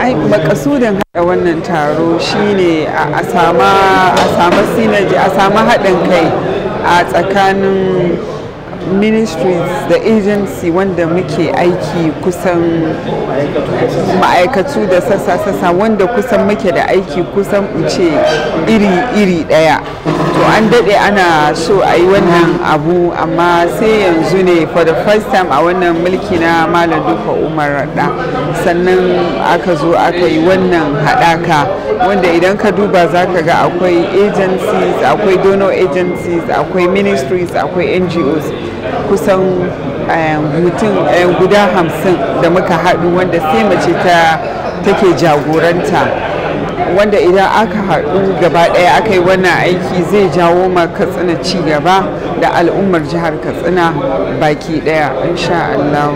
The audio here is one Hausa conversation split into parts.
ai makasudin haɗa wannan taro shine a sama sinaji a sama haɗin kai a tsakanin ministries da agency wanda muke aiki kusan ma'aikatu da sassa-sassa wanda kusan muke da aiki kusan ce iri-iri ɗaya to an daɗe ana so a yi wannan abu amma sai yanzu ne for the first time a wannan mulki na malam duka umar da sannan aka zo aka yi wannan haɗaka wanda idan ka duba za ka ga akwai agencies akwai donor agencies akwai ministries akwai ngos kusan eh, mutum eh, guda hamsin da muka haɗu wanda sai mace ta take jagoranta wanda idan aka haɗu gaba ɗaya aka yi wannan aiki zai jawo ma katsina ci gaba da al'ummar jihar katsina baki ɗaya insha Allah.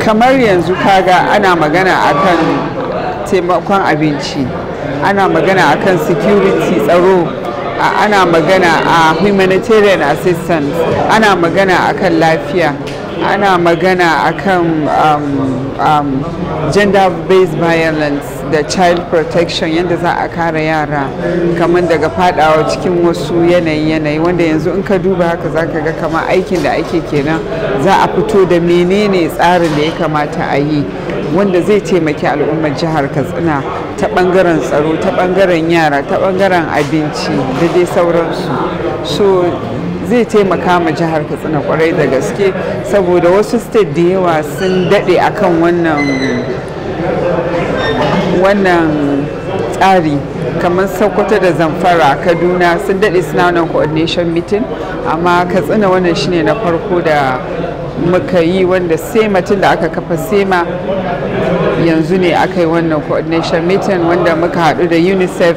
kamar yanzu kaga ana magana akan taimakon abinci ana magana akan security tsaro ana magana a humanitarian assistance ana magana akan lafiya ana magana akan um, um, gender-based violence da child protection yadda za a kare yara kamar daga fadawa cikin wasu yanayi-yanayi wanda yanzu in ka duba haka za ka ga kamar aikin da ake kenan za a fito da menene tsarin da ya kamata a yi wanda zai taimaki al'ummar jihar katsina ta bangaren tsaro ta bangaren yara ta bangaren abinci da dai sauransu so zai taimaka ma jihar katsina kwarai da gaske saboda wasu state da yawa sun daɗe akan wannan wannan tsari kamar sokoto da zamfara kaduna sun daɗe suna wannan coordination meeting amma katsina wannan shine na farko da muka yi wanda tun da aka kafa sema yanzu ne aka yi wannan coordination meeting wanda muka haɗu da unicef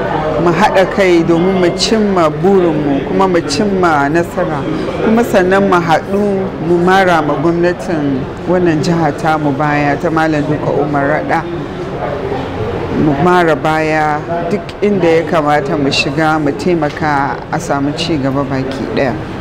mu haɗa kai domin mu cimma burinmu kuma mu cimma nasara kuma sannan mu haɗu mu mara ma gwamnatin wannan jiha ta mu baya ta malam duka umar raɗa mu mara baya duk inda ya kamata mu shiga mu taimaka a samu ci gaba baki ɗaya